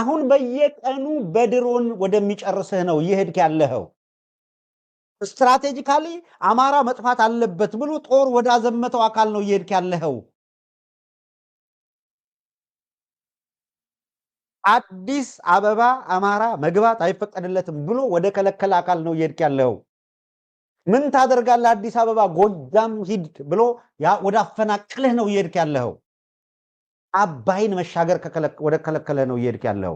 አሁን በየቀኑ በድሮን ወደሚጨርስህ ነው እየሄድክ ያለኸው። ስትራቴጂካሊ አማራ መጥፋት አለበት ብሎ ጦር ወዳዘመተው አካል ነው ይሄድክ ያለኸው። አዲስ አበባ አማራ መግባት አይፈቀድለትም ብሎ ወደ ከለከለ አካል ነው ይሄድክ ያለኸው። ምን ታደርጋለህ? አዲስ አበባ ጎጃም ሂድ ብሎ ወደ አፈናቅልህ ነው ይሄድክ ያለኸው። አባይን መሻገር ወደ ከለከለ ነው እየሄድክ ያለው።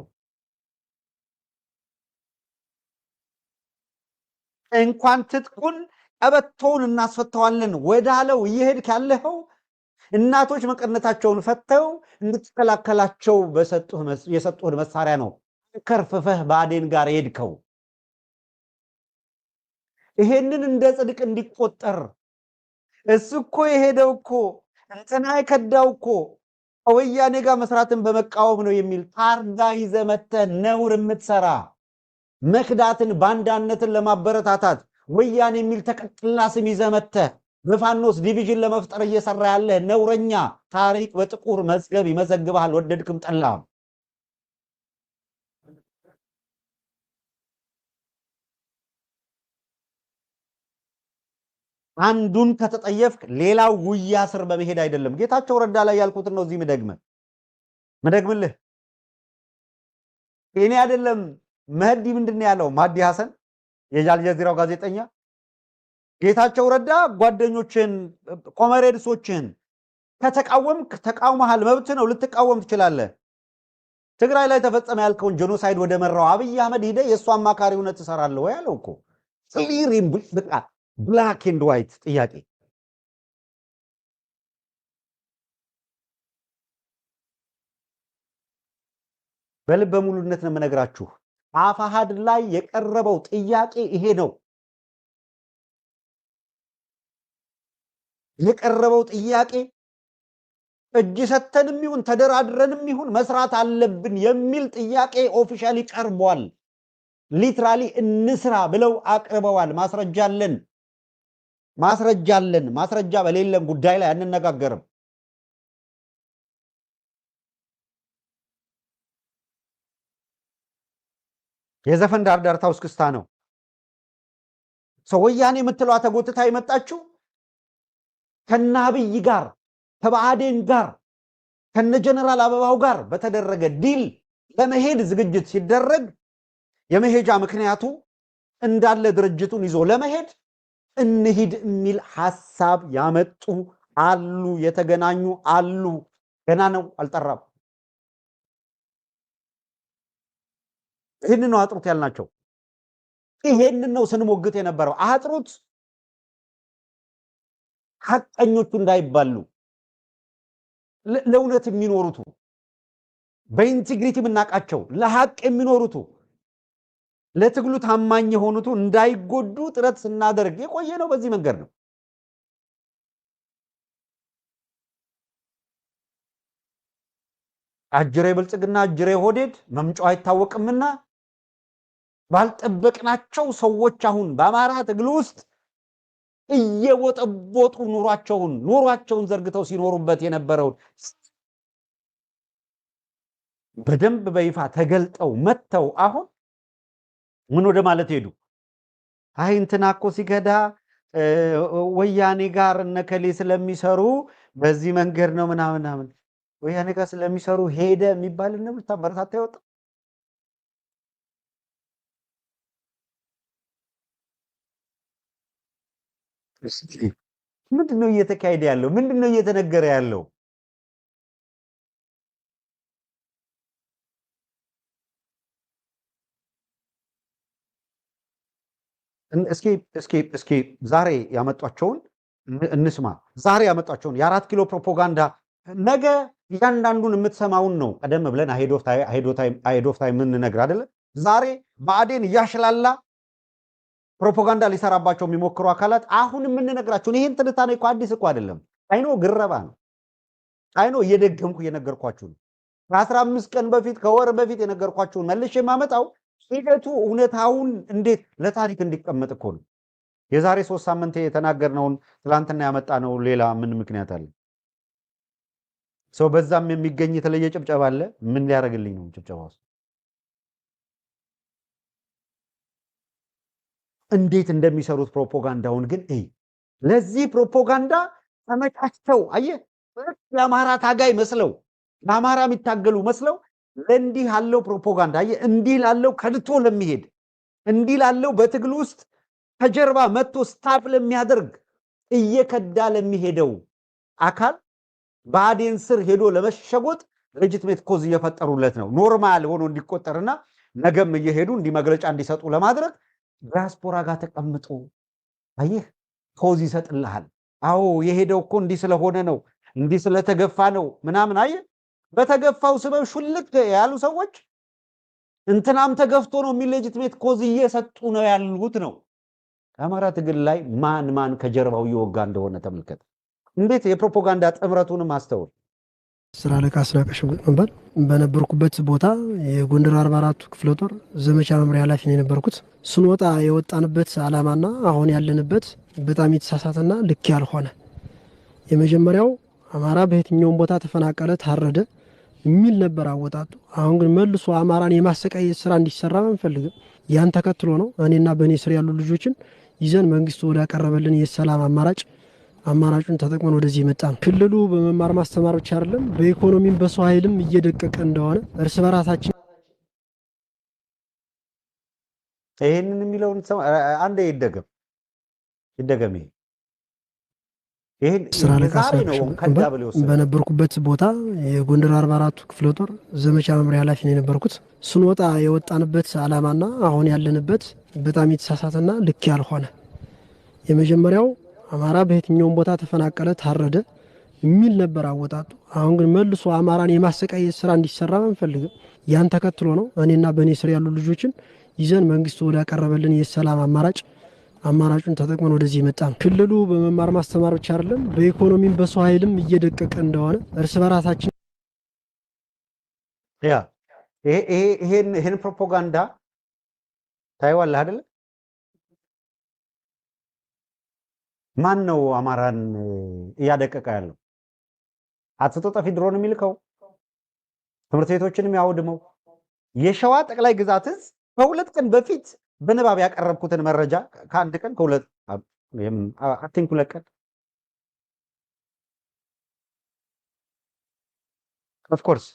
እንኳን ትጥቁን ቀበቶውን እናስፈተዋለን ወዳለው እየሄድክ ያለኸው እናቶች መቀነታቸውን ፈተው እንድትከላከላቸው የሰጡህን መሳሪያ ነው ከርፍፈህ ብአዴን ጋር ሄድከው። ይሄንን እንደ ጽድቅ እንዲቆጠር እሱ እኮ የሄደው እኮ እንትና የከዳው እኮ ከወያኔ ጋር መስራትን በመቃወም ነው የሚል ታርጋ ይዘህ መጥተህ ነውር የምትሰራ መክዳትን ባንዳነትን ለማበረታታት ወያኔ የሚል ተቀጥላ ስም ይዘህ መጥተህ በፋኖስ ዲቪዥን ለመፍጠር እየሰራ ያለ ነውረኛ ታሪክ በጥቁር መዝገብ ይመዘግብሃል፣ ወደድክም ጠላም። አንዱን ከተጠየፍክ ሌላው ውያ ስር በመሄድ አይደለም። ጌታቸው ረዳ ላይ ያልኩትን ነው እዚህ ምደግመ ምደግምልህ እኔ አይደለም መህዲ ምንድን ያለው? ማዲ ሐሰን የአልጀዚራው ጋዜጠኛ ጌታቸው ረዳ ጓደኞችን ኮመሬድሶችን ከተቃወምክ ተቃውመሃል፣ መብት ነው፣ ልትቃወም ትችላለህ። ትግራይ ላይ ተፈጸመ ያልከውን ጄኖሳይድ ወደ መራው አብይ አህመድ ሂደህ የእሱ እውነት ትሰራለህ ወይ አለው እኮ። ብላክ ኤንድ ዋይት ጥያቄ በልበ ሙሉነት ነው የምነግራችሁ። አፋሃድ ላይ የቀረበው ጥያቄ ይሄ ነው። የቀረበው ጥያቄ እጅ ሰተንም ይሁን ተደራድረንም ይሁን መስራት አለብን የሚል ጥያቄ ኦፊሻሊ ቀርቧል። ሊትራሊ እንስራ ብለው አቅርበዋል። ማስረጃ አለን። ማስረጃ አለን። ማስረጃ በሌለን ጉዳይ ላይ አንነጋገርም። የዘፈን ዳርዳርታ እስክስታ ነው። ሰው ወያኔ የምትለዋ ተጎትታ የመጣችው ከነ አብይ ጋር ከብአዴን ጋር ከነ ጀነራል አበባው ጋር በተደረገ ዲል ለመሄድ ዝግጅት ሲደረግ የመሄጃ ምክንያቱ እንዳለ ድርጅቱን ይዞ ለመሄድ እንሂድ የሚል ሀሳብ ያመጡ አሉ፣ የተገናኙ አሉ። ገና ነው አልጠራም። ይህንን ነው አጥሩት ያልናቸው። ይሄንን ነው ስንሞግት የነበረው። አጥሩት ሀቀኞቹ እንዳይባሉ ለእውነት የሚኖሩቱ በኢንቲግሪቲ የምናውቃቸው ለሀቅ የሚኖሩቱ ለትግሉ ታማኝ የሆኑቱ እንዳይጎዱ ጥረት ስናደርግ የቆየ ነው። በዚህ መንገድ ነው። አጅሬ ብልጽግና፣ አጅሬ ሆዴድ መምጫው አይታወቅምና ባልጠበቅናቸው ሰዎች አሁን በአማራ ትግል ውስጥ እየወጠቦጡ ኑሯቸውን ኑሯቸውን ዘርግተው ሲኖሩበት የነበረውን በደንብ በይፋ ተገልጠው መጥተው አሁን ምን ወደ ማለት ሄዱ? አይ እንትና እኮ ሲገዳ ወያኔ ጋር እነከሌ ስለሚሰሩ በዚህ መንገድ ነው ምናምን ምናምን ወያኔ ጋር ስለሚሰሩ ሄደ የሚባል ንብል ታበረታታ ይወጣ ምንድን ነው እየተካሄደ ያለው? ምንድን ነው እየተነገረ ያለው? እስኪ እስኪ እስኪ ዛሬ ያመጧቸውን እንስማ። ዛሬ ያመጧቸውን የአራት ኪሎ ፕሮፓጋንዳ ነገ እያንዳንዱን የምትሰማውን ነው። ቀደም ብለን አሄድ የምንነግር አይደለ? ዛሬ ብአዴን እያሽላላ ፕሮፓጋንዳ ሊሰራባቸው የሚሞክሩ አካላት አሁን የምንነግራቸውን ይህን ትንታኔ እኮ አዲስ እኮ አይደለም። አይኖ ግረባ ነው። አይኖ እየደገምኩ እየነገርኳችሁ ነው። ከአስራ አምስት ቀን በፊት ከወር በፊት የነገርኳችሁን መልሼ የማመጣው ሂደቱ እውነታውን እንዴት ለታሪክ እንዲቀመጥ እኮ ነው። የዛሬ ሶስት ሳምንት የተናገርነውን ትላንትና ያመጣነው ሌላ ምን ምክንያት አለ? ሰው በዛም የሚገኝ የተለየ ጭብጨባ አለ። ምን ሊያደርግልኝ ነው ጭብጨባ ውስጥ? እንዴት እንደሚሰሩት ፕሮፓጋንዳውን ግን እይ። ለዚህ ፕሮፓጋንዳ ተመቻችተው አየህ፣ የአማራ ታጋይ መስለው ለአማራ የሚታገሉ መስለው ለእንዲህ ላለው ፕሮፓጋንዳ እንዲህ ላለው ከድቶ ለሚሄድ እንዲህ ላለው በትግል ውስጥ ከጀርባ መጥቶ ስታፍ ለሚያደርግ እየከዳ ለሚሄደው አካል በአዴን ስር ሄዶ ለመሸጎጥ ሌጂትሜት ኮዝ እየፈጠሩለት ነው። ኖርማል ሆኖ እንዲቆጠርና ነገም እየሄዱ እንዲህ መግለጫ እንዲሰጡ ለማድረግ ዲያስፖራ ጋር ተቀምጦ አየህ ኮዝ ይሰጥልሃል። አዎ የሄደው እኮ እንዲህ ስለሆነ ነው እንዲህ ስለተገፋ ነው ምናምን አየህ በተገፋው ስበብ ሹልክ ያሉ ሰዎች እንትናም ተገፍቶ ነው የሚሌጅትሜት ኮዝ እየሰጡ ነው ያሉት ነው። ከአማራ ትግል ላይ ማን ማን ከጀርባው እየወጋ እንደሆነ ተመልከት። እንዴት የፕሮፓጋንዳ ጥምረቱንም አስተውል። ስራ ለቃ ስራ ቀሽጉጥ በነበርኩበት ቦታ የጎንደር አርባ አራቱ ክፍለ ጦር ዘመቻ መምሪያ ኃላፊ ነው የነበርኩት። ስንወጣ የወጣንበት አላማና አሁን ያለንበት በጣም የተሳሳተና ልክ ያልሆነ የመጀመሪያው አማራ በየትኛውም ቦታ ተፈናቀለ፣ ታረደ የሚል ነበር አወጣጡ። አሁን ግን መልሶ አማራን የማሰቃየት ስራ እንዲሰራ አንፈልግም። ያን ተከትሎ ነው እኔና በእኔ ስር ያሉ ልጆችን ይዘን መንግስቱ ወዳቀረበልን የሰላም አማራጭ አማራጩን ተጠቅመን ወደዚህ የመጣ ነው። ክልሉ በመማር ማስተማር ብቻ አይደለም፣ በኢኮኖሚም በሰው ኃይልም እየደቀቀ እንደሆነ እርስ በራሳችን ይህንን የሚለውን አንዴ ይደገም ይደገም ይሄ ስራ በነበርኩበት ቦታ የጎንደር አርባ አራቱ ክፍለ ጦር ዘመቻ መምሪያ ኃላፊ ነው የነበርኩት። ስንወጣ የወጣንበት አላማና አሁን ያለንበት በጣም የተሳሳተና ልክ ያልሆነ የመጀመሪያው አማራ በየትኛውም ቦታ ተፈናቀለ፣ ታረደ የሚል ነበር አወጣጡ። አሁን ግን መልሶ አማራን የማሰቃየት ስራ እንዲሰራ አንፈልግም። ያን ተከትሎ ነው እኔና በእኔ ስር ያሉ ልጆችን ይዘን መንግስት ወዳቀረበልን የሰላም አማራጭ አማራጩን ተጠቅመን ወደዚህ የመጣ ነው። ክልሉ በመማር ማስተማር ብቻ አይደለም፣ በኢኮኖሚም በሰው ኃይልም እየደቀቀ እንደሆነ እርስ በራሳችን ያ ይሄን ፕሮፓጋንዳ ታይዋለህ አይደለ? ማን ነው አማራን እያደቀቀ ያለው? አጥፍቶ ጠፊ ድሮን የሚልከው ትምህርት ቤቶችን የሚያወድመው የሸዋ ጠቅላይ ግዛትስ በሁለት ቀን በፊት በንባብ ያቀረብኩትን መረጃ ከአንድ ቀን ከሁለት ሁለት ቀን ኦፍኮርስ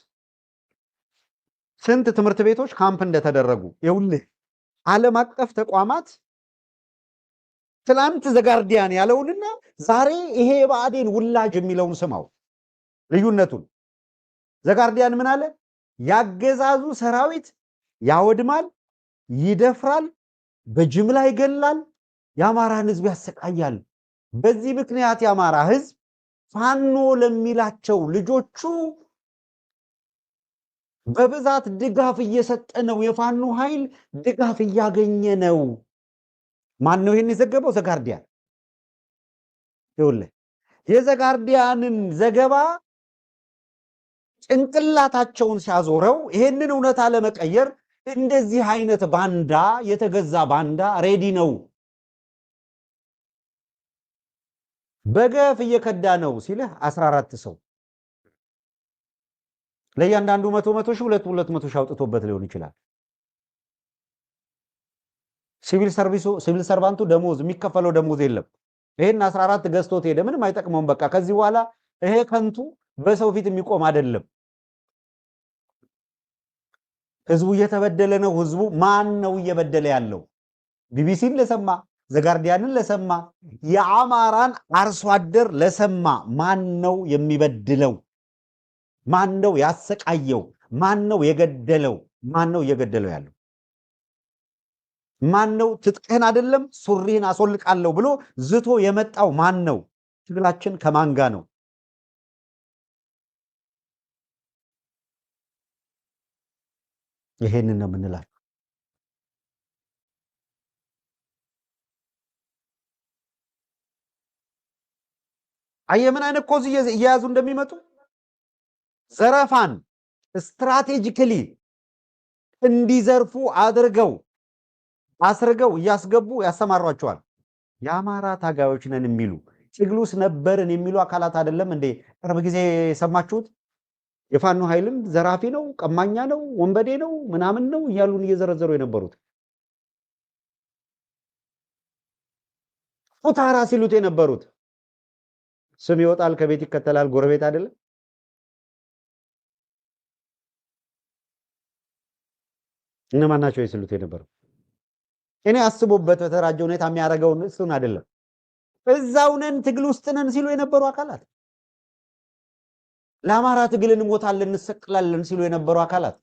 ስንት ትምህርት ቤቶች ካምፕ እንደተደረጉ ይኸውልህ። ዓለም አቀፍ ተቋማት ትላንት ዘጋርዲያን ያለውንና ዛሬ ይሄ የባዕዴን ውላጅ የሚለውን ስማው ልዩነቱን። ዘጋርዲያን ምን አለ? ያገዛዙ ሰራዊት ያወድማል፣ ይደፍራል፣ በጅምላ ይገላል፣ የአማራን ህዝብ ያሰቃያል። በዚህ ምክንያት የአማራ ህዝብ ፋኖ ለሚላቸው ልጆቹ በብዛት ድጋፍ እየሰጠ ነው። የፋኖ ኃይል ድጋፍ እያገኘ ነው። ማን ነው ይህን የዘገበው? ዘጋርዲያን ይኸውልህ፣ የዘጋርዲያንን ዘገባ ጭንቅላታቸውን ሲያዞረው ይሄንን እውነታ ለመቀየር እንደዚህ አይነት ባንዳ የተገዛ ባንዳ ሬዲ ነው፣ በገፍ እየከዳ ነው ሲልህ 14 ሰው ለእያንዳንዱ መቶ መቶ ሺህ ሁለት ሁለት መቶ ሺህ አውጥቶበት ሊሆን ይችላል። ሲቪል ሰርቪሱ ሲቪል ሰርቫንቱ ደሞዝ የሚከፈለው ደሞዝ የለም። ይሄን 14 ገዝቶት ሄደ። ምንም አይጠቅመውም። በቃ ከዚህ በኋላ ይሄ ከንቱ በሰው ፊት የሚቆም አይደለም። ህዝቡ እየተበደለ ነው። ህዝቡ ማን ነው እየበደለ ያለው? ቢቢሲን ለሰማ ዘጋርዲያንን ለሰማ የአማራን አርሶ አደር ለሰማ ማን ነው የሚበድለው? ማን ነው ያሰቃየው? ማን ነው የገደለው? ማን ነው እየገደለው ያለው? ማን ነው ትጥቅህን አይደለም ሱሪህን አስወልቃለሁ ብሎ ዝቶ የመጣው ማን ነው? ትግላችን ከማን ጋ ነው? ይሄንን ነው የምንላችሁ። አየ ምን አይነት ኮዝ እየያዙ እንደሚመጡ ዘረፋን ስትራቴጂክሊ እንዲዘርፉ አድርገው አስርገው እያስገቡ ያሰማሯቸዋል። የአማራ ታጋዮች ነን የሚሉ ትግል ውስጥ ነበርን የሚሉ አካላት አይደለም እንዴ? ቅርብ ጊዜ የሰማችሁት የፋኖ ኃይልም ዘራፊ ነው፣ ቀማኛ ነው፣ ወንበዴ ነው፣ ምናምን ነው እያሉን እየዘረዘሩ የነበሩት ፉታራ ሲሉት የነበሩት ስም ይወጣል፣ ከቤት ይከተላል፣ ጎረቤት አይደለም። እነማን ናቸው ሲሉት የነበረው? እኔ አስቦበት በተደራጀ ሁኔታ የሚያደርገውን እሱን አይደለም፣ እዛው ነን ትግል ውስጥ ነን ሲሉ የነበሩ አካላት ለአማራ ትግል እንሞታለን እንሰቅላለን ሲሉ የነበሩ አካላት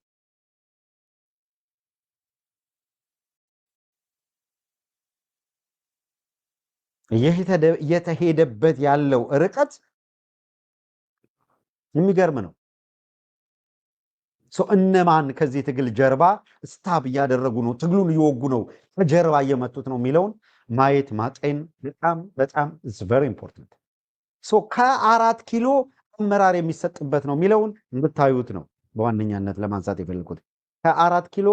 እየተሄደበት ያለው ርቀት የሚገርም ነው። እነማን ከዚህ ትግል ጀርባ ስታብ እያደረጉ ነው፣ ትግሉን እየወጉ ነው፣ ከጀርባ እየመቱት ነው የሚለውን ማየት ማጤን በጣም በጣም ኢዝ ቨሪ ኢምፖርታንት። ከአራት ኪሎ አመራር የሚሰጥበት ነው የሚለውን የምታዩት ነው በዋነኛነት ለማንሳት የፈለኩት ከአራት ኪሎ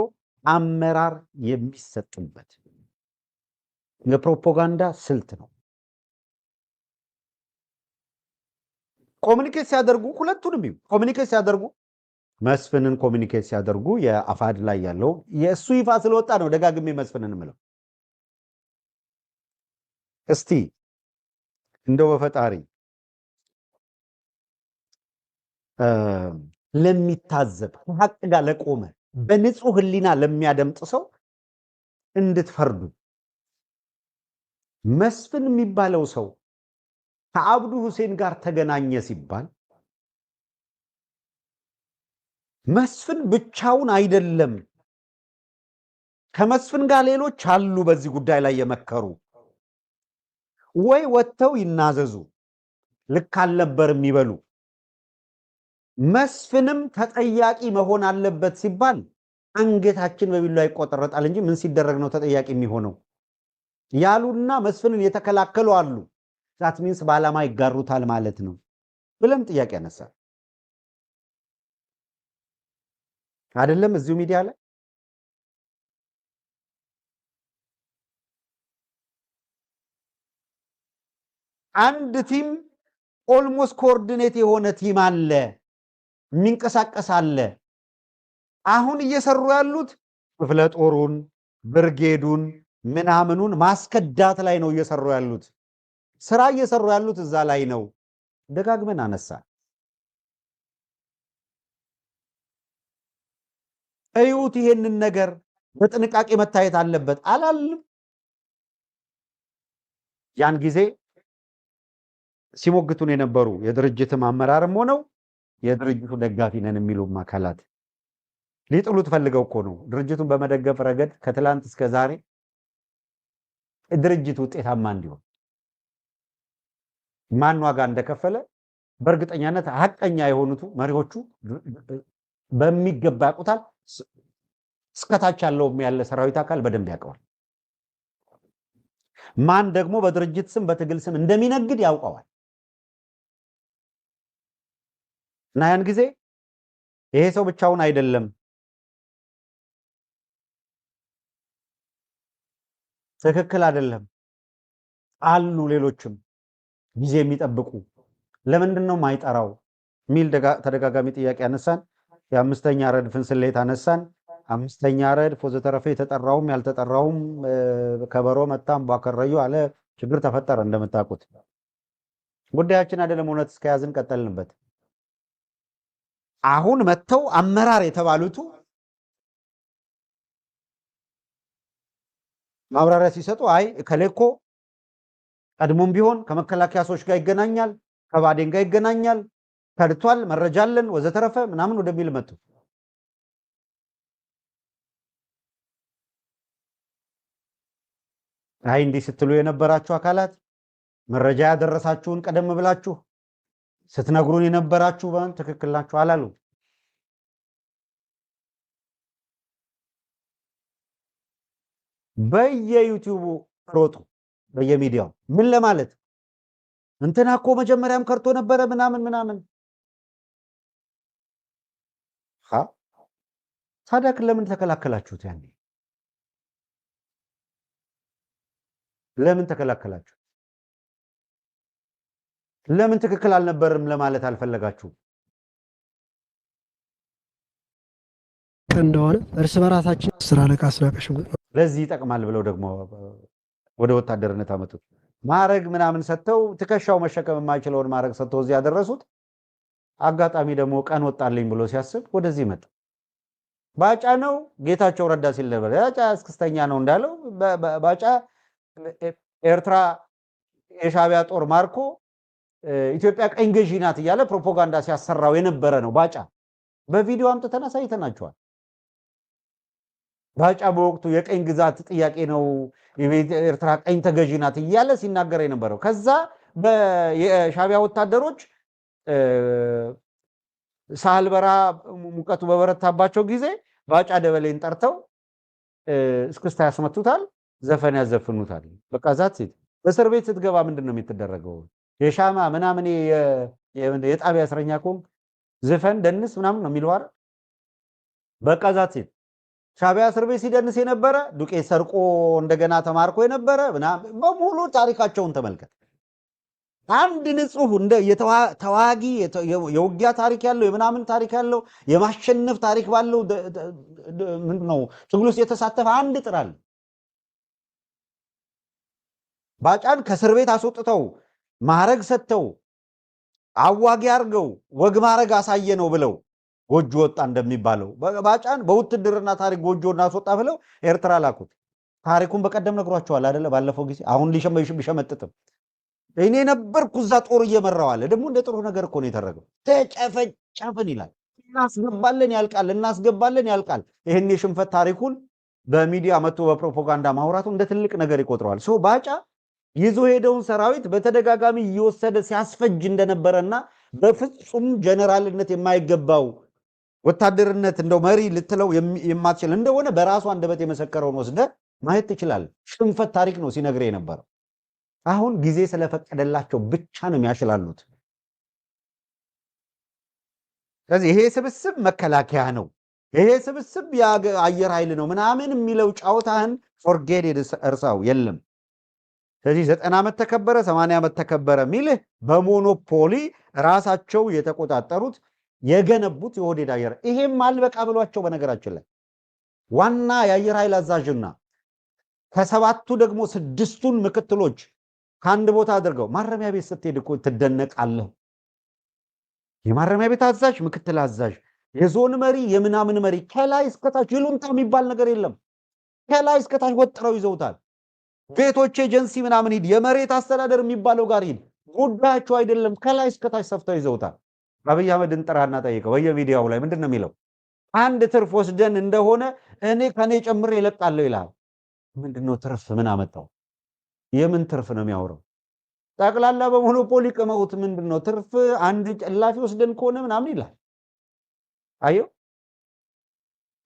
አመራር የሚሰጥበት የፕሮፓጋንዳ ስልት ነው። ኮሚኒኬት ሲያደርጉ ሁለቱንም ይሁን ኮሚኒኬት ሲያደርጉ መስፍንን ኮሚኒኬት ሲያደርጉ የአፋድ ላይ ያለው የእሱ ይፋ ስለወጣ ነው ደጋግሜ መስፍንን ምለው። እስቲ እንደው በፈጣሪ ለሚታዘብ ከሀቅ ጋር ለቆመ በንጹህ ህሊና ለሚያደምጥ ሰው እንድትፈርዱ። መስፍን የሚባለው ሰው ከአብዱ ሁሴን ጋር ተገናኘ ሲባል መስፍን ብቻውን አይደለም፣ ከመስፍን ጋር ሌሎች አሉ በዚህ ጉዳይ ላይ የመከሩ ወይ ወጥተው ይናዘዙ ልክ አልነበር የሚበሉ መስፍንም ተጠያቂ መሆን አለበት ሲባል አንገታችን በቢላ ይቆጠረጣል እንጂ ምን ሲደረግ ነው ተጠያቂ የሚሆነው ያሉና መስፍንን የተከላከሉ አሉ። ዛት ሚንስ በዓላማ ይጋሩታል ማለት ነው ብለን ጥያቄ ያነሳ አይደለም። እዚሁ ሚዲያ ላይ አንድ ቲም ኦልሞስት ኮኦርዲኔት የሆነ ቲም አለ። የሚንቀሳቀስ አለ። አሁን እየሰሩ ያሉት ክፍለ ጦሩን ብርጌዱን ምናምኑን ማስከዳት ላይ ነው እየሰሩ ያሉት። ስራ እየሰሩ ያሉት እዛ ላይ ነው። ደጋግመን አነሳ። እዩት። ይሄንን ነገር በጥንቃቄ መታየት አለበት አላልም? ያን ጊዜ ሲሞግቱን የነበሩ የድርጅትም አመራርም ሆነው የድርጅቱ ደጋፊ ነን የሚሉም አካላት ሊጥሉት ፈልገው እኮ ነው። ድርጅቱን በመደገፍ ረገድ ከትላንት እስከ ዛሬ ድርጅት ውጤታማ እንዲሆን ማን ዋጋ እንደከፈለ በእርግጠኛነት ሀቀኛ የሆኑቱ መሪዎቹ በሚገባ ያውቁታል። እስከታች ያለውም ያለ ሰራዊት አካል በደንብ ያውቀዋል። ማን ደግሞ በድርጅት ስም በትግል ስም እንደሚነግድ ያውቀዋል። እና ያን ጊዜ ይሄ ሰው ብቻውን አይደለም፣ ትክክል አይደለም አሉ ሌሎችም ጊዜ የሚጠብቁ ለምንድን ነው ማይጠራው ሚል ተደጋጋሚ ጥያቄ አነሳን። የአምስተኛ ረድፍን ስሌት አነሳን። አምስተኛ ረድፍ ወዘተረፈ የተጠራውም ያልተጠራውም ከበሮ መታም ባከረዩ አለ ችግር ተፈጠረ። እንደምታውቁት ጉዳያችን አይደለም እውነት እስከያዝን ቀጠልንበት። አሁን መጥተው አመራር የተባሉቱ ማብራሪያ ሲሰጡ አይ ከሌኮ ቀድሞም ቢሆን ከመከላከያ ሰዎች ጋር ይገናኛል፣ ከባዴን ጋር ይገናኛል፣ ከድቷል፣ መረጃ አለን ወዘተረፈ ምናምን ወደሚል መጡ። አይ እንዲህ ስትሉ የነበራችሁ አካላት መረጃ ያደረሳችሁን ቀደም ብላችሁ ስትነግሩን የነበራችሁ በን ትክክል ናችሁ አላሉ። በየዩቲዩቡ ሮጡ፣ በየሚዲያው ምን ለማለት እንትና እኮ መጀመሪያም ከርቶ ነበረ ምናምን ምናምን። ታዲያ ለምን ተከላከላችሁት? ያኔ ለምን ተከላከላችሁ? ለምን ትክክል አልነበርም ለማለት አልፈለጋችሁም? እንደሆነ እርስ በራሳችን ስራ አለቃ አስናቀሽ ለዚህ ይጠቅማል ብለው ደግሞ ወደ ወታደርነት አመጡት። ማዕረግ ምናምን ሰጥተው ትከሻው መሸከም የማይችለውን ማዕረግ ሰጥተው እዚህ ያደረሱት። አጋጣሚ ደግሞ ቀን ወጣልኝ ብሎ ሲያስብ ወደዚህ መጣ። ባጫ ነው ጌታቸው ረዳ ሲል ነበር። ባጫ እስክስተኛ ነው እንዳለው ባጫ ኤርትራ የሻቢያ ጦር ማርኮ ኢትዮጵያ ቀኝ ገዢ ናት እያለ ፕሮፓጋንዳ ሲያሰራው የነበረ ነው ባጫ። በቪዲዮ አምጥተን አሳይተናቸዋል። ባጫ በወቅቱ የቀኝ ግዛት ጥያቄ ነው ኤርትራ ቀኝ ተገዢ ናት እያለ ሲናገር የነበረው ከዛ የሻቢያ ወታደሮች ሳህል ሙቀቱ በበረታባቸው ጊዜ ባጫ ደበሌን ጠርተው እስክስታ ያስመቱታል፣ ዘፈን ያዘፍኑታል። በቃ ዛት ሴት በእስር ቤት ስትገባ ምንድን ነው የምትደረገው? የሻማ ምናምን የጣቢያ እስረኛ ከሆንክ ዝፈን ደንስ ምናምን ነው የሚለው አይደል? በቃ ዛት ሴት እስር ቤት ሲደንስ የነበረ ዱቄት ሰርቆ እንደገና ተማርኮ የነበረ በሙሉ ታሪካቸውን ተመልከት። አንድ ንጹህ እንደ ተዋጊ የውጊያ ታሪክ ያለው የምናምን ታሪክ ያለው የማሸነፍ ታሪክ ባለው ምንድን ነው ትግል ውስጥ የተሳተፈ አንድ ጥራል ባጫን ከእስር ቤት አስወጥተው ማረግ ሰጥተው አዋጊ አርገው ወግ ማረግ አሳየ ነው ብለው ጎጆ ወጣ እንደሚባለው ባጫን በውትድርና ታሪክ ጎጆ እናስወጣ ብለው ኤርትራ ላኩት። ታሪኩን በቀደም ነግሯቸዋል አደለ? ባለፈው ጊዜ አሁን ቢሸመጥጥም እኔ ነበርኩ እዛ ጦር እየመራዋለ ደግሞ እንደ ጥሩ ነገር እኮ ነው የተረገው። ተጨፈጨፍን ይላል። እናስገባለን ያልቃል፣ እናስገባለን ያልቃል። ይህን የሽንፈት ታሪኩን በሚዲያ መጥቶ በፕሮፓጋንዳ ማውራቱ እንደ ትልቅ ነገር ይቆጥረዋል። ባጫ ይዞ ሄደውን ሰራዊት በተደጋጋሚ እየወሰደ ሲያስፈጅ እንደነበረና በፍጹም ጀነራልነት የማይገባው ወታደርነት እንደው መሪ ልትለው የማትችል እንደሆነ በራሱ አንደበት የመሰከረውን ወስደ ማየት ትችላል። ሽንፈት ታሪክ ነው ሲነግር የነበረው። አሁን ጊዜ ስለፈቀደላቸው ብቻ ነው የሚያሽላሉት። ስለዚህ ይሄ ስብስብ መከላከያ ነው፣ ይሄ ስብስብ የአየር ኃይል ነው ምናምን የሚለው ጫዋታህን ፎርጌድ እርሳው የለም ስለዚህ ዘጠና ዓመት ተከበረ፣ ሰማንያ ዓመት ተከበረ ሚልህ በሞኖፖሊ ራሳቸው የተቆጣጠሩት የገነቡት የወዴድ አየር ይሄም አልበቃ ብሏቸው በነገራችን ላይ ዋና የአየር ኃይል አዛዥና ከሰባቱ ደግሞ ስድስቱን ምክትሎች ከአንድ ቦታ አድርገው ማረሚያ ቤት ስትሄድ እኮ ትደነቃለህ። የማረሚያ ቤት አዛዥ፣ ምክትል አዛዥ፣ የዞን መሪ፣ የምናምን መሪ ከላይ እስከታች ይሉንታ የሚባል ነገር የለም። ከላይ እስከታች ወጥረው ይዘውታል። ቤቶች ኤጀንሲ ምናምን ሂድ፣ የመሬት አስተዳደር የሚባለው ጋር ሂድ። ጉዳያቸው አይደለም። ከላይ እስከታች ሰፍተው ይዘውታል። አብይ አህመድ እንጥራና ጠይቀው በየሚዲያው ላይ ምንድን ነው የሚለው? አንድ ትርፍ ወስደን እንደሆነ እኔ ከኔ ጨምሬ ይለቃለሁ ይልሃል። ምንድነው ትርፍ? ምን አመጣው? የምን ትርፍ ነው የሚያወራው? ጠቅላላ በሞኖፖሊ ቅመውት ምንድነው ትርፍ? አንድ ጨላፊ ወስደን ከሆነ ምናምን ይላል። አየው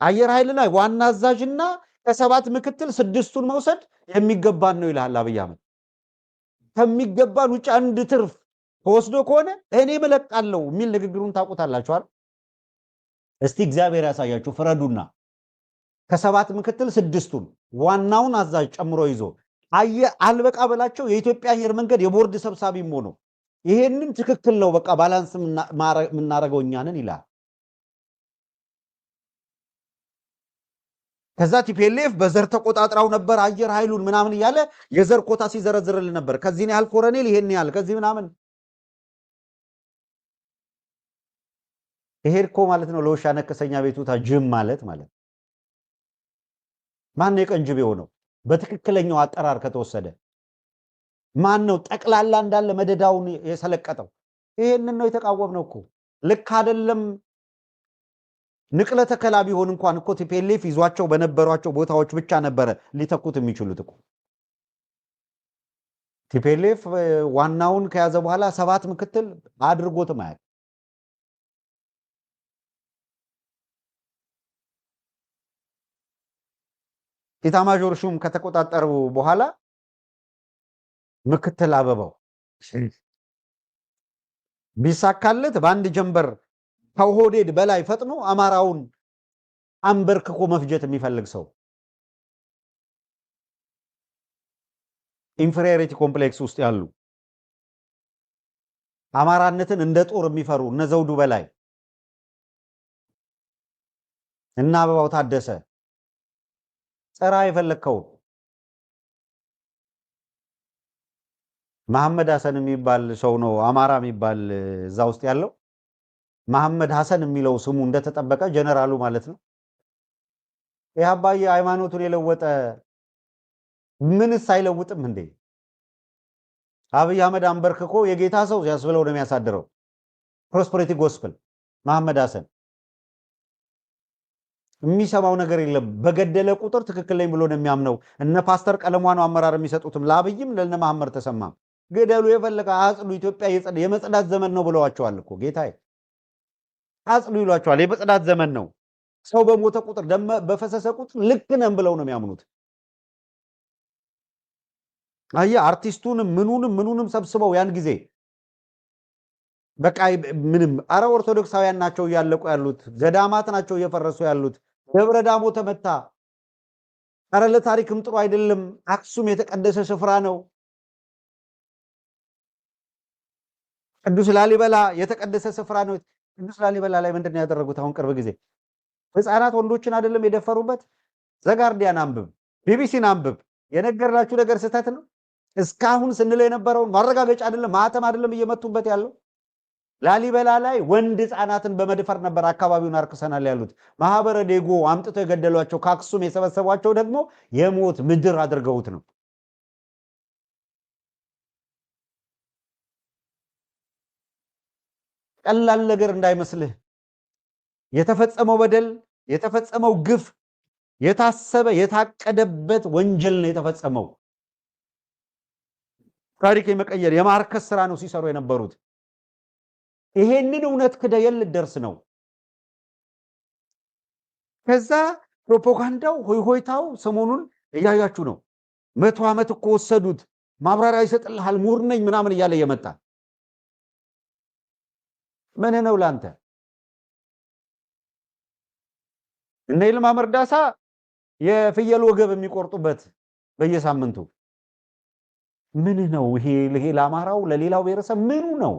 አየር ኃይል ላይ ዋና አዛዥና ከሰባት ምክትል ስድስቱን መውሰድ የሚገባን ነው ይላል አብይ አህመድ። ከሚገባን ውጭ አንድ ትርፍ ተወስዶ ከሆነ እኔ እለቃለሁ የሚል ንግግሩን ታውቁታላችኋል። እስቲ እግዚአብሔር ያሳያችሁ፣ ፍረዱና ከሰባት ምክትል ስድስቱን ዋናውን አዛዥ ጨምሮ ይዞ አየ አልበቃ በላቸው የኢትዮጵያ አየር መንገድ የቦርድ ሰብሳቢም ሆኖ ይሄንን ትክክል ነው በቃ ባላንስ የምናደርገው እኛንን ይላል። ከዛ ቲፒኤልኤፍ በዘር ተቆጣጥራው ነበር አየር ኃይሉን ምናምን እያለ የዘር ኮታ ሲዘረዝርል ነበር። ከዚህን ያህል ኮረኔል፣ ይሄን ያህል ከዚህ ምናምን። ይሄ እኮ ማለት ነው ለውሻ ነከሰኛ ቤቱታ ጅም ማለት ማለት ማን የቀን ጅብ የሆነው በትክክለኛው አጠራር ከተወሰደ ማን ነው ጠቅላላ እንዳለ መደዳውን የሰለቀጠው? ይሄንን ነው የተቃወምነው እኮ ልክ አይደለም ንቅለ ተከላ ቢሆን እንኳን እኮ ቲፒኤልኤፍ ይዟቸው በነበሯቸው ቦታዎች ብቻ ነበረ ሊተኩት የሚችሉት እኮ። ቲፒኤልኤፍ ዋናውን ከያዘ በኋላ ሰባት ምክትል አድርጎት ማያል ኢታማዦር ሹም ከተቆጣጠሩ በኋላ ምክትል አበባው ቢሳካለት በአንድ ጀንበር ከውሆዴድ በላይ ፈጥኖ አማራውን አንበርክኮ መፍጀት የሚፈልግ ሰው ኢንፌሪዮሪቲ ኮምፕሌክስ ውስጥ ያሉ አማራነትን እንደ ጦር የሚፈሩ እነ ዘውዱ በላይ እና አበባው ታደሰ ጸራ የፈለግከው መሐመድ ሀሰን የሚባል ሰው ነው አማራ የሚባል እዛ ውስጥ ያለው መሐመድ ሐሰን የሚለው ስሙ እንደተጠበቀ ጀነራሉ ማለት ነው። ይህ አባዬ ሃይማኖቱን የለወጠ ምንስ አይለውጥም እንዴ? አብይ አህመድ አንበርክኮ የጌታ ሰው ያስብለው ነው የሚያሳድረው። ፕሮስፐሪቲ ጎስፕል መሐመድ ሐሰን የሚሰማው ነገር የለም። በገደለ ቁጥር ትክክል ነኝ ብሎ ነው የሚያምነው። እነ ፓስተር ቀለሟ ነው አመራር የሚሰጡትም ለአብይም ለነ መሐመድ ተሰማም። ገደሉ የፈለገ አጽዱ። ኢትዮጵያ የመጽዳት ዘመን ነው ብለዋቸዋል እኮ ጌታዬ አጽሉ ይሏቸዋል። የመጽዳት ዘመን ነው። ሰው በሞተ ቁጥር ደም በፈሰሰ ቁጥር ልክ ነን ብለው ነው የሚያምኑት። አየ አርቲስቱንም ምኑንም ምኑንም ሰብስበው ያን ጊዜ በቃ ምንም አረ ኦርቶዶክሳውያን ናቸው እያለቁ ያሉት፣ ገዳማት ናቸው እየፈረሱ ያሉት። ደብረ ዳሞ ተመታ። አረ ለታሪክም ጥሩ አይደለም። አክሱም የተቀደሰ ስፍራ ነው። ቅዱስ ላሊበላ የተቀደሰ ስፍራ ነው። ቅዱስ ላሊበላ ላይ ምንድን ነው ያደረጉት? አሁን ቅርብ ጊዜ ህፃናት ወንዶችን አይደለም የደፈሩበት። ዘጋርዲያን አንብብ፣ ቢቢሲን አንብብ። የነገርላችሁ ነገር ስህተት ነው። እስካሁን ስንለው የነበረውን ማረጋገጫ አይደለም ማተም አይደለም እየመቱበት ያለው ላሊበላ ላይ ወንድ ህፃናትን በመድፈር ነበር አካባቢውን አርክሰናል ያሉት። ማህበረ ዴጎ አምጥተው የገደሏቸው ከአክሱም የሰበሰቧቸው ደግሞ የሞት ምድር አድርገውት ነው። ቀላል ነገር እንዳይመስልህ። የተፈጸመው በደል፣ የተፈጸመው ግፍ የታሰበ የታቀደበት ወንጀል ነው የተፈጸመው። ታሪክ የመቀየር የማርከስ ስራ ነው ሲሰሩ የነበሩት። ይሄንን እውነት ክደየል ደርስ ነው። ከዛ ፕሮፓጋንዳው ሆይሆይታው ሰሞኑን እያያችሁ ነው። መቶ ዓመት እኮ ወሰዱት፣ ማብራሪያ ይሰጥልሃል፣ ምሁር ነኝ ምናምን እያለ እየመጣ ምን ነው ላንተ? እነ ይልማ መርዳሳ የፍየል ወገብ የሚቆርጡበት በየሳምንቱ ምን ነው ይሄ? ለአማራው ለሌላው ብሔረሰብ ምኑ ነው?